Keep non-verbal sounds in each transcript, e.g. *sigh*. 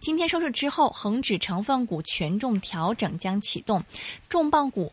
今天收市之後，恒指成分股權重調整將啟動，重磅股。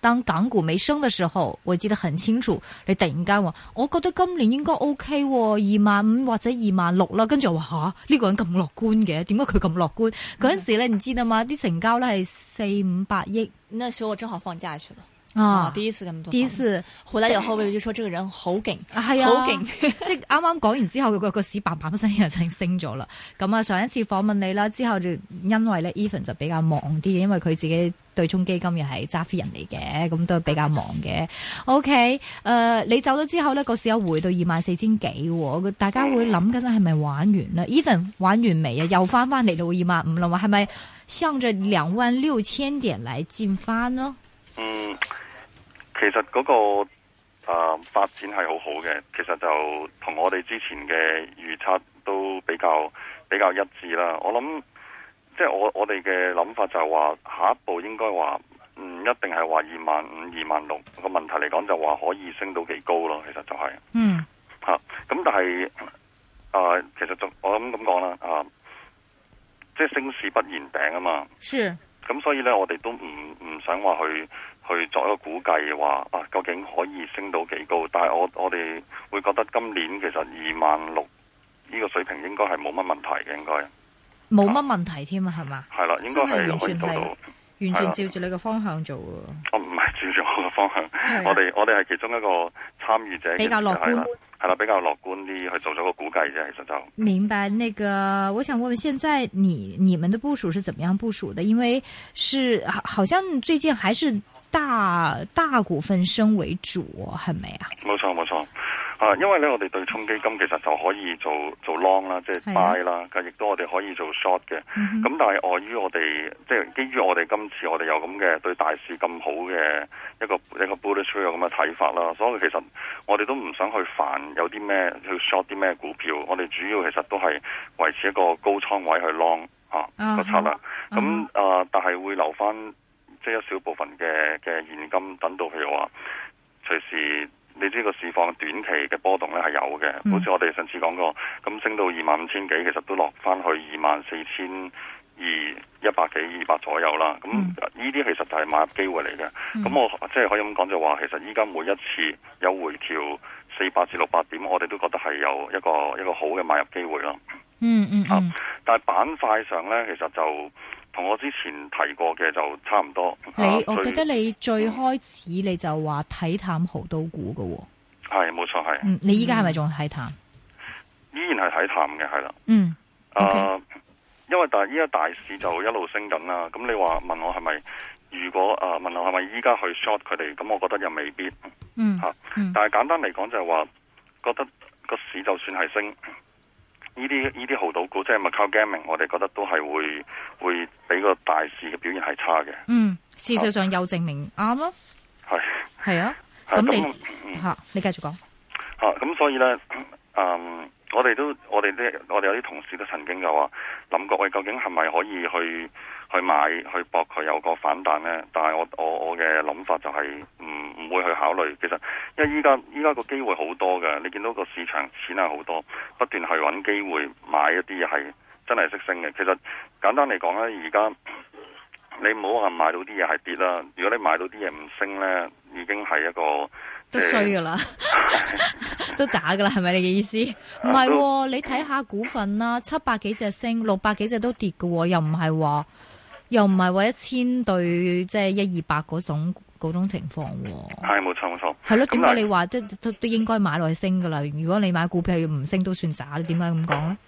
當港股未升嘅時候，我記得很清楚。你突然間話，我覺得今年應該 OK，二萬五或者二萬六啦。跟住我話吓，呢個人咁樂觀嘅，點解佢咁樂觀？嗰、嗯、陣時咧，你知道嘛？啲成交咧係四五百億。那時候我正好放假去了。啊！第一次咁多，第一次回來以後，我就說這個人好勁，係 *laughs* 啊，啊，好勁！ *laughs* 即係啱啱講完之後，個個個市板板一聲又升升咗啦。咁、嗯、啊，上一次訪問你啦，之後就因為呢 Ethan 就比較忙啲，因為佢自己對沖基金又係揸飛人嚟嘅，咁都比較忙嘅。OK，誒、呃，你走咗之後呢，個市又回到二萬四千幾，大家會諗緊係咪玩完啦 *laughs* ？Ethan 玩完未啊？又翻翻嚟到二萬五啦，我係咪向着兩萬六千點來進返囉？嗯、其實嗰、那個誒、呃、發展係好好嘅，其實就同我哋之前嘅預測都比較比較一致啦。我諗即係我我哋嘅諗法就係話，下一步應該話唔一定係話二萬五、二萬六個問題嚟講，就話可以升到幾高咯。其實就係、是、嗯吓，咁、啊嗯、但係誒、呃，其實就我諗咁講啦啊，即、就、係、是、升市不言頂啊嘛。咁、嗯，所以呢，我哋都唔唔想話去。去作一個估計，話啊究竟可以升到幾高？但係我我哋會覺得今年其實二萬六呢個水平應該係冇乜問題嘅，應該冇乜問題添啊？係嘛？係啦，應該係完全係完全照住你個方向做。啊、不是我唔係照住我個方向，是啊、我哋我哋係其中一個參與者比較樂觀，比係啦，係啦，比較樂觀啲去做咗個估計啫，其實就明白。那個我想問問，現在你你們的部署是怎麼樣部署的？因為是好，好像最近還是。大大股份升為主，係咪啊？冇錯冇錯，啊，因為咧，我哋對沖基金其實就可以做做 long 啦，即係 buy 啦，咁亦、啊、都我哋可以做 short 嘅。咁、嗯、但係礙於我哋，即係基於我哋今次我哋有咁嘅對大市咁好嘅一個一個 bullish 嘅咁嘅睇法啦，所以其實我哋都唔想去煩有啲咩去 short 啲咩股票，我哋主要其實都係維持一個高倉位去 long 啊個倉啦。咁啊，啊，啊，啊，但係會留翻。即、就、係、是、一小部分嘅嘅現金，等到譬如話隨時，你知個市況短期嘅波動咧係有嘅，嗯，好似我哋上次講過，咁升到二萬五千幾，其實都落翻去二萬四千二一百幾二百左右啦。咁呢啲其實就係買入機會嚟嘅。咁，嗯，我即係、就是、可以咁講，就話其實依家每一次有回調四百至六百點，我哋都覺得係有一個有一個好嘅買入機會咯。嗯嗯嗯。嗯啊，但係板塊上咧，其實就。同我之前提過嘅就差唔多。你我記得你最開始你就話睇淡好多股嘅，係冇錯係。你依家係咪仲睇淡，嗯？依然係睇淡嘅，係啦、嗯呃 okay.。嗯。啊，因、嗯、為但係依家大市就一路升緊啦。咁你話問我係咪？如果誒問我係咪依家去 short 佢哋？咁我覺得又未必。嗯。吓，但係簡單嚟講就係話，覺得個市就算係升呢啲呢啲豪賭股，即係 Macau Gaming，我哋覺得都係會會俾個大市嘅表現係差嘅。嗯，事實上有證明啱咯。係、哦、係啊，咁、啊嗯、你吓、嗯啊，你繼續講。吓、啊，咁、嗯、所以咧，嗯，我哋都，我哋啲，我哋有啲同事都曾經就話，諗過喂究竟係咪可以去？去買去搏，佢有個反彈呢。但係我我我嘅諗法就係唔唔會去考慮。其實，因為依家依家個機會好多嘅，你見到個市場錢係好多，不斷去揾機會買一啲嘢，係真係識升嘅。其實簡單嚟講咧，而家你唔好話買到啲嘢係跌啦。如果你買到啲嘢唔升呢，已經係一個都衰噶啦， *laughs* *laughs* 都渣噶啦，係咪你嘅意思？唔、啊、係、哦、你睇下股份啦， *laughs* 七百幾隻升，六百幾隻都跌嘅、哦，又唔係話。又唔係話一千對即係一二百嗰種情況喎，係冇錯冇錯，係咯。點解你話都都都應該買落去升㗎喇？如果你買股票係唔升都算渣咧，點解咁講咧？嗯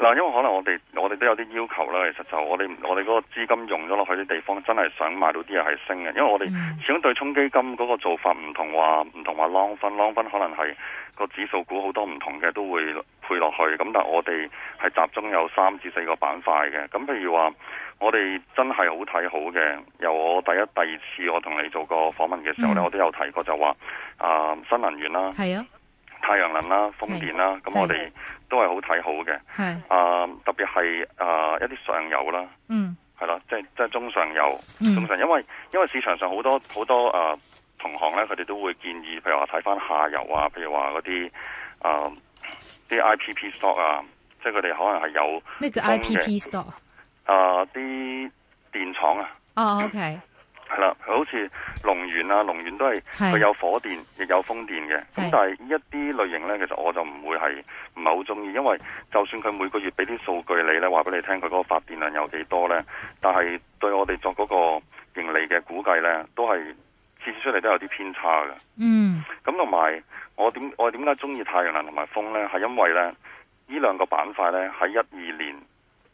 嗱，因為可能我哋我哋都有啲要求啦，其實就我哋我哋嗰個資金用咗落去啲地方，真係想買到啲嘢係升嘅，因為我哋始終對沖基金嗰個做法唔同話唔同話 long 分 long 分，分可能係個指數股好多唔同嘅都會配落去，咁但係我哋係集中有三至四個板塊嘅，咁譬如話我哋真係好睇好嘅，由我第一第二次我同你做過訪問嘅時候咧、嗯，我都有提過就話啊新能源啦。係啊。太陽能啦、啊，風電啦、啊，咁我哋都係好睇好嘅。係啊、呃，特別係、呃、啊一啲上游啦，係、嗯、啦，即係即係中上游、嗯，中上，因為因為市場上好多好多啊、呃、同行咧，佢哋都會建議，譬如話睇翻下游啊，譬如話嗰啲啊啲 IPP store 啊，即係佢哋可能係有咩叫、那個、IPP store？啊、呃，啲電廠啊。哦、oh，OK、嗯。係啦，佢好似龍源啊，龍源都係佢有火電，亦有風電嘅。咁但係呢一啲類型呢，其實我就唔會係唔係好中意，因為就算佢每個月俾啲數據你呢，話俾你聽佢嗰個發電量有幾多呢，但係對我哋作嗰個盈利嘅估計呢，都係次次出嚟都有啲偏差嘅。嗯，咁同埋我點我點解中意太陽能同埋風呢？係因為呢，呢兩個板塊呢，喺一二年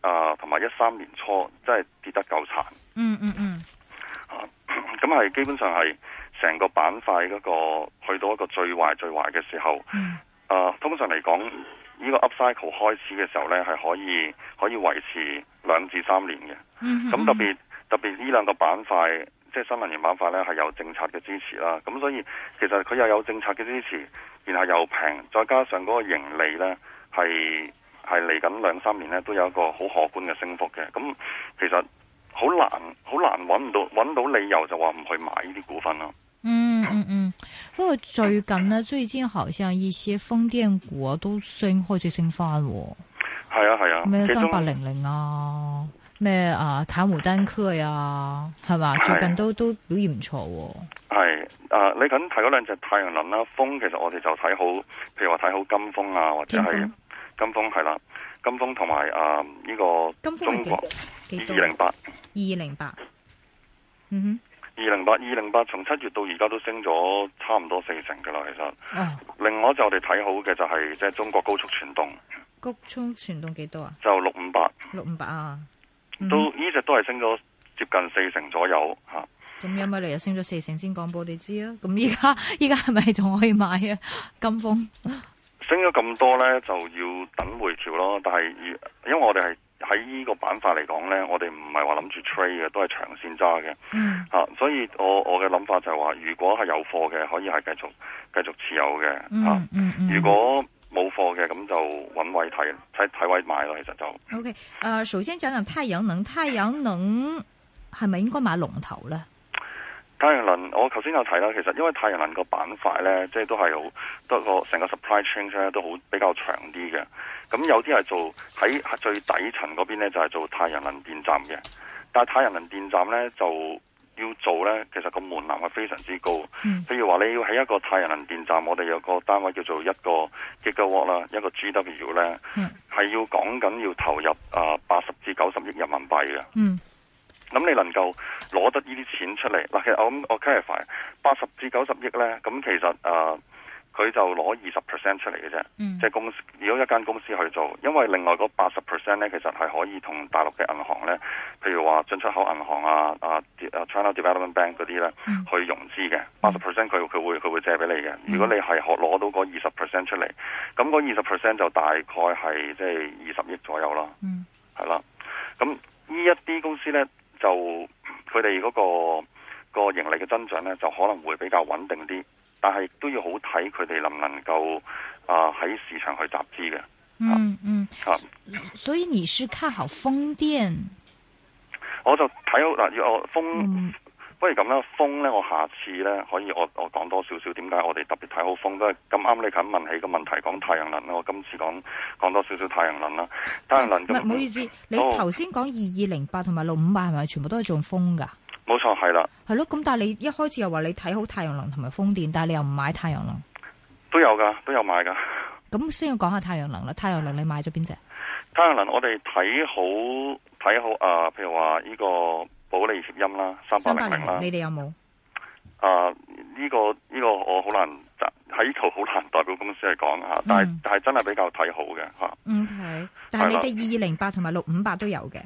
啊，同埋一三年初真係跌得夠慘。嗯嗯嗯。嗯咁係基本上係成個板塊嗰個去到一個最壞最壞嘅時候。嗯啊、通常嚟講，呢個 upcycle 開始嘅時候呢係可以可以維持兩至三年嘅。咁、嗯、特別特別呢兩個板塊，即係新能源板塊呢係有政策嘅支持啦。咁所以其實佢又有政策嘅支持，然後又平，再加上嗰個盈利呢係係嚟緊兩三年呢都有一個好可觀嘅升幅嘅。咁其實。好難，好難揾唔到，揾到理由就話唔去買呢啲股份咯。嗯嗯嗯，不過最近呢，最近好像一些風電股啊都升，最升，開始升翻。係啊係啊，咩三八零零啊，咩啊卡姆、啊、丹克呀、啊，係嘛、啊？最近都、啊、都表現唔錯、哦。係，誒，你緊睇嗰兩隻太陽能啦，風其實我哋就睇好，譬如話睇好金風啊，或者係金風係啦。金風同埋誒呢個金中國幾多二零八二零八，嗯哼，二零八二零八，從七月到而家都升咗差唔多四成噶啦，其實。哦、另外就我哋睇好嘅就係即係中國高速傳動，高速傳動幾多啊？就六五八，六五八啊，都呢隻、啊這個、都係升咗接近四成左右吓。咁、嗯啊、有咪嚟又升咗四成先講俾我哋知啊？咁而家而家係咪仲可以買啊？金風？升咗咁多咧，就要等回調咯。但係，因為我哋係喺呢個板塊嚟講咧，我哋唔係話諗住 trade 嘅，都係長線揸嘅。嗯，吓、啊，所以我我嘅諗法就係話，如果係有貨嘅，可以係繼續繼續持有嘅。嗯嗯、嗯、啊、如果冇貨嘅，咁就搵位睇睇睇位買咯。其實就。OK，誒，首先講講太陽能，太陽能係咪應該買龍頭咧？太陽能，我頭先有睇啦。其實因為太陽能個板塊呢，即係都係好，不過成個 supply chain 咧都好比較長啲嘅。咁有啲係做喺最底層嗰邊呢，就係、是、做太陽能電站嘅。但係太陽能電站呢，就要做呢，其實個門檻係非常之高。譬、嗯、如話你要喺一個太陽能電站，我哋有個單位叫做一個 Gigawatt 啦，一個 G W 呢，係、嗯、要講緊要投入啊八十至九十億人民幣嘅。嗯。咁你能夠攞得呢啲錢出嚟嗱？其實我我 clarify 八十至九十億咧，咁其實誒佢、呃、就攞二十 percent 出嚟嘅啫，即、嗯、係、就是、公司如果一間公司去做，因為另外嗰八十 percent 咧，其實係可以同大陸嘅銀行咧，譬如話進出口銀行啊、啊、China De、啊啊、Development Bank 嗰啲咧，去融資嘅八十 percent，佢佢會佢會借俾你嘅、嗯。如果你係可攞到嗰二十 percent 出嚟，咁嗰二十 percent 就大概係即係二十億左右啦。係、嗯、啦，咁呢一啲公司咧。就佢哋嗰個、個盈利嘅增長咧，就可能會比較穩定啲，但係都要好睇佢哋能唔能夠啊喺市場去集資嘅。嗯嗯，啊，所以你是看好風電？我就睇好嗱，呢、呃、個風。嗯不如咁啦，風咧我下次咧可以我我講多少少，點解我哋特別睇好風咧？咁啱你啱問起個問題，講太陽能啦，我今次講講多少少太陽能啦。太陽能咁唔好意思，你頭先講二二零八同埋六五八係咪全部都係做風噶？冇錯，係啦。係咯，咁但係你一開始又話你睇好太陽能同埋風電，但係你又唔買太陽能？都有噶，都有買噶。咁先要講下太陽能啦，太陽能你買咗邊隻？太陽能我哋睇好睇好啊，譬如話呢、這個。保利協鑫啦，三八零零啦，你哋有冇？啊，呢、這個呢、這個我好難喺呢度好難代表公司嚟講吓，但係係真係比較睇好嘅吓。嗯，係。Okay, 但係你哋二二零八同埋六五八都有嘅，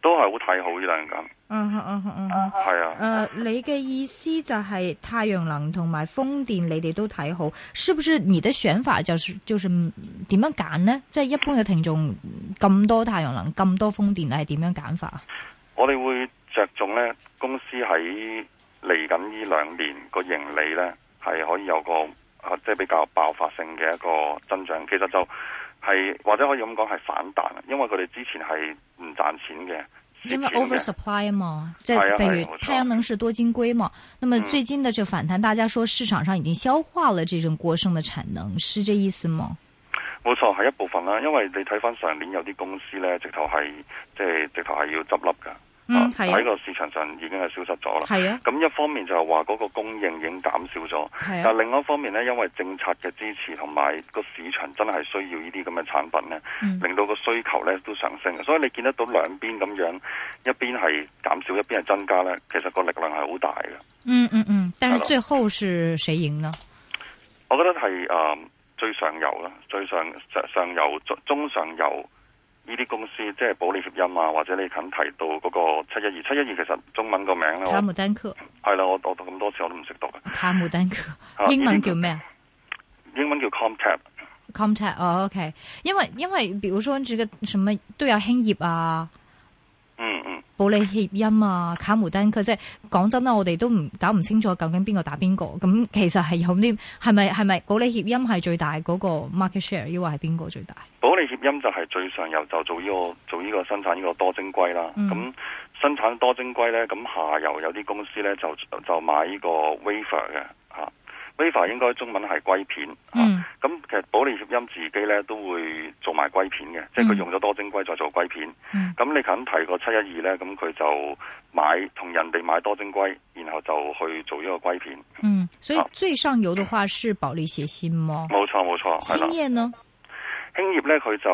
都係好睇好呢兩間。嗯嗯嗯嗯，係、嗯、啊。誒、呃，你嘅意思就係太陽能同埋風電你哋都睇好，是不是？你的選法就是就是點樣揀呢？即、就、係、是、一般嘅聽眾咁多太陽能咁多風電係點樣揀法？我哋會着重呢公司喺嚟緊呢兩年個盈利呢，係可以有個即係比較爆發性嘅一個增長。其實就係、是、或者可以咁講係反彈，因為佢哋之前係唔賺錢嘅。因為 oversupply 啊嘛，即係譬如太陽能是多晶硅嘛。那麼最近嘅就反彈，大家說市場上已經消化了這種過剩嘅產能，是這意思嗎？冇錯，係一部分啦。因為你睇翻上年有啲公司呢，直頭係即係直頭係要執笠噶。喺、嗯、個、啊啊、市場上已經係消失咗啦。係啊。咁一方面就係話嗰個供應已經減少咗，啊。但係另一方面呢，因為政策嘅支持同埋個市場真係需要呢啲咁嘅產品呢，令到個需求呢都上升。所以你見得到兩邊咁樣，一邊係減少，一邊係增加呢，其實個力量係好大嘅。嗯嗯嗯。但是最後是誰贏呢？是啊、我覺得係誒，最上游，啦，最上上上游中上游。呢啲公司即係保利協鑫啊，或者你近提到嗰個七一二，七一二其實中文個名咧，卡姆丹克係啦，我我讀咁多次我都唔識讀嘅。卡姆丹克，丹克 *laughs* 英文叫咩啊？英文叫 contact，contact 哦 contact，OK 因。因為因為，比如說呢幾個什麼都有興業啊，嗯嗯。保利協鑫啊，卡梅登佢即係講真啦，我哋都唔搞唔清楚究竟邊個打邊個。咁其實係有啲係咪係咪保利協鑫係最大嗰個 market share，抑或係邊個最大？保利協鑫就係最上游，就做呢、這個做呢、這個、個生產呢個多晶硅啦。咁、嗯、生產多晶硅咧，咁下游有啲公司咧就就買呢個 wafer 嘅吓。啊 v i v a 應該中文係硅片，嗯咁、啊、其實保利協鑫自己咧都會做埋硅片嘅，即係佢用咗多晶硅再做硅片。咁、嗯嗯、你肯提過七一二咧，咁佢就買同人哋買多晶硅，然後就去做呢個硅片。嗯，所以最上游的話是保利協鑫咯。冇錯冇錯，興、嗯、業呢？興業咧佢就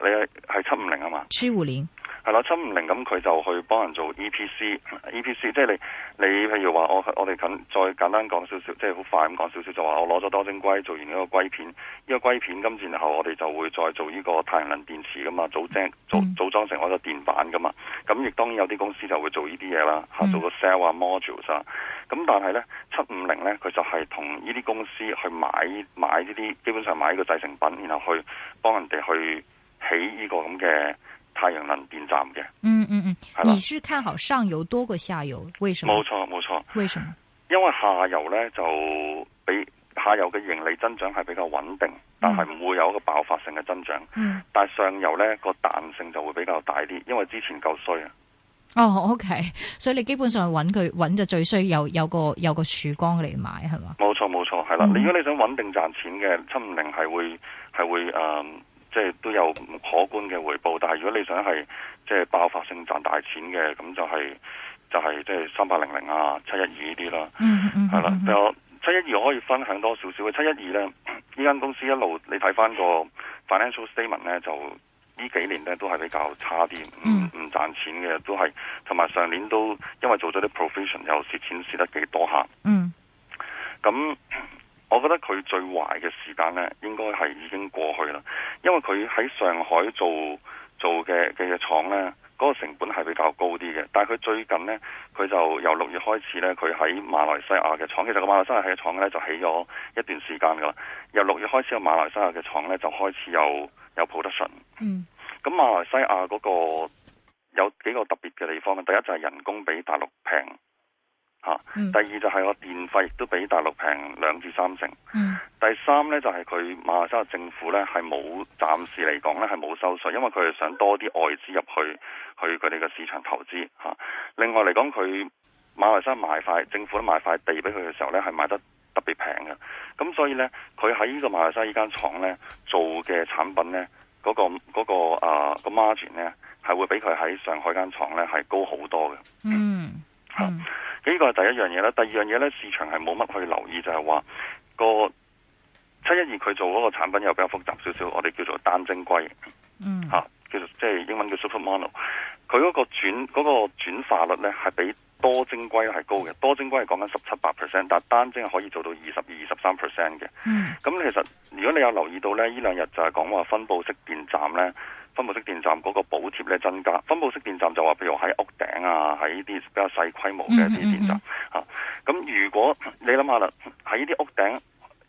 你係七五零啊嘛？七五零。係啦，七五零咁佢就去幫人做 EPC、 *laughs* EPC，即係你你譬如話我我哋近再簡單講少少，即係好快咁講少少就話我攞咗多晶硅做完呢個硅片，呢個硅片今然後我哋就會再做呢個太陽能電池噶嘛，組晶組組裝成我個電板噶嘛。咁亦當然有啲公司就會做呢啲嘢啦，嚇做個 cell 啊 modules 啊。咁 *laughs* 但係咧七五零咧，佢就係同呢啲公司去買買呢啲基本上買呢個製成品，然後去幫人哋去起呢個咁嘅。太陽能電站嘅，嗯嗯嗯，你是看好上游多過下游，為什麼？冇錯冇錯，為什麼？因為下游呢，就比下游嘅盈利增長係比較穩定，但係唔會有一個爆發性嘅增長。嗯，但係上游呢，個彈性就會比較大啲，因為之前夠衰啊。哦，OK，所以你基本上搵佢搵就最衰，有個有個有個曙光嚟買係咪？冇錯冇錯，係啦、嗯。如果你想穩定賺錢嘅，七五零係會係會誒。呃即、就、係、是、都有不可觀嘅回報，但係如果你想係即係爆發性賺大錢嘅，咁就係就係即係三八零零啊、七一二呢啲啦。啦、嗯嗯嗯嗯嗯嗯，就七一二我可以分享多少少嘅七一二咧，呢間公司一路你睇翻個 financial statement 咧，就呢幾年咧都係比較差啲，唔唔賺錢嘅，都係同埋上年都因為做咗啲 profession 又蝕錢蝕得幾多下。嗯，咁。我覺得佢最壞嘅時間呢，應該係已經過去啦。因為佢喺上海做做嘅嘅廠咧，嗰個成本係比較高啲嘅。但係佢最近呢，佢就由六月開始呢，佢喺馬來西亞嘅廠。其實個馬來西亞嘅廠呢就起咗一段時間噶啦。由六月開始，馬來西亞嘅廠呢就開始有有 production。嗯。咁馬來西亞嗰個有幾個特別嘅地方咧？第一就係人工比大陸平。第二就係個電費亦都比大陸平兩至三成。第三呢，就係佢馬來西亞政府呢，係冇暫時嚟講呢，係冇收稅，因為佢係想多啲外資入去去佢哋嘅市場投資吓。另外嚟講，佢馬來西亞賣塊政府都賣塊地俾佢嘅時候呢，係賣得特別平嘅。咁所以呢，佢喺呢個馬來西亞呢間廠呢，做嘅產品呢，嗰個嗰個啊個 margin 呢係會比佢喺上海間廠呢，係高好多嘅。嗯,嗯。嗯嗯嗯嗯咁呢個係第一樣嘢啦。第二樣嘢呢，市場係冇乜去留意，就係話個七一二佢做嗰個產品又比較複雜少少。我哋叫做單晶硅，嗯、hmm.，嚇，其實即係英文叫 super mono。佢、那、嗰個轉嗰個轉化率呢，係比多晶硅係高嘅。Hmm. 多晶硅係講緊十七八 percent，但單晶係可以做到二十二十三 percent 嘅。咁、hmm. 其實如果你有留意到呢，呢兩日就係講話分佈式電站呢。分佈式電站嗰個補貼咧增加，分佈式電站就話譬如喺屋頂啊，喺呢啲比較細規模嘅一啲電站，嗯嗯嗯、啊。咁如果你諗下啦，喺呢啲屋頂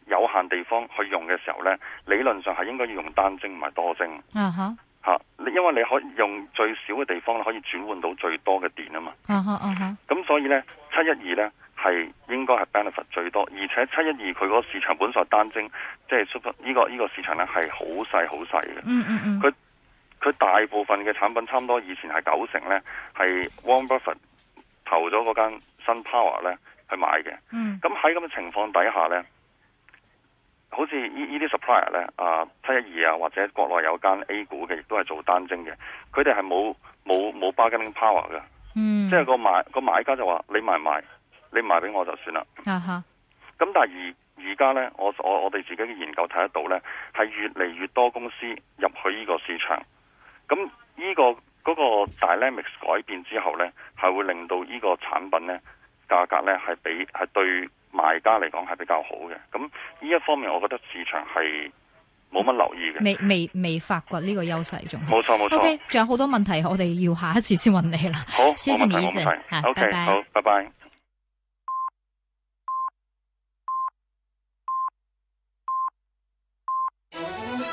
有限地方去用嘅時候咧，理論上係應該要用單晶唔係多晶。吓、嗯嗯啊，因為你可以用最少嘅地方可以轉換到最多嘅電啊嘛。咁、嗯嗯嗯啊嗯，所以咧七一二咧係應該係 benefit 最多，而且七一二佢嗰個市場本在單晶，即係呢個呢、呢個市場咧係好細好細嘅。嗯嗯嗯。佢、嗯大部分嘅產品差唔多以前係九成咧，係 Warren Buffett 投咗嗰間新 Power 咧去買嘅。嗯，咁喺咁嘅情況底下咧，好似呢依啲 supplier 咧啊七一二啊或者國內有間 A 股嘅亦都係做單晶嘅，佢哋係冇冇冇 Bargaining Power 嘅。嗯，即係個買個買家就話你賣唔賣？你賣俾我就算啦。咁、啊、但係而而家咧，我我我哋自己嘅研究睇得到咧，係越嚟越多公司入去呢個市場。咁呢、這個嗰、那個 dynamics 改變之後呢，係會令到呢個產品呢，價格呢，係比係對賣家嚟講係比較好嘅。咁呢一方面，我覺得市場係冇乜留意嘅，未未未發掘呢個優勢仲。冇錯冇錯，仲、okay, 有好多問題，我哋要下一次先問你啦。好，唔該你，唔該，O K，好，拜拜。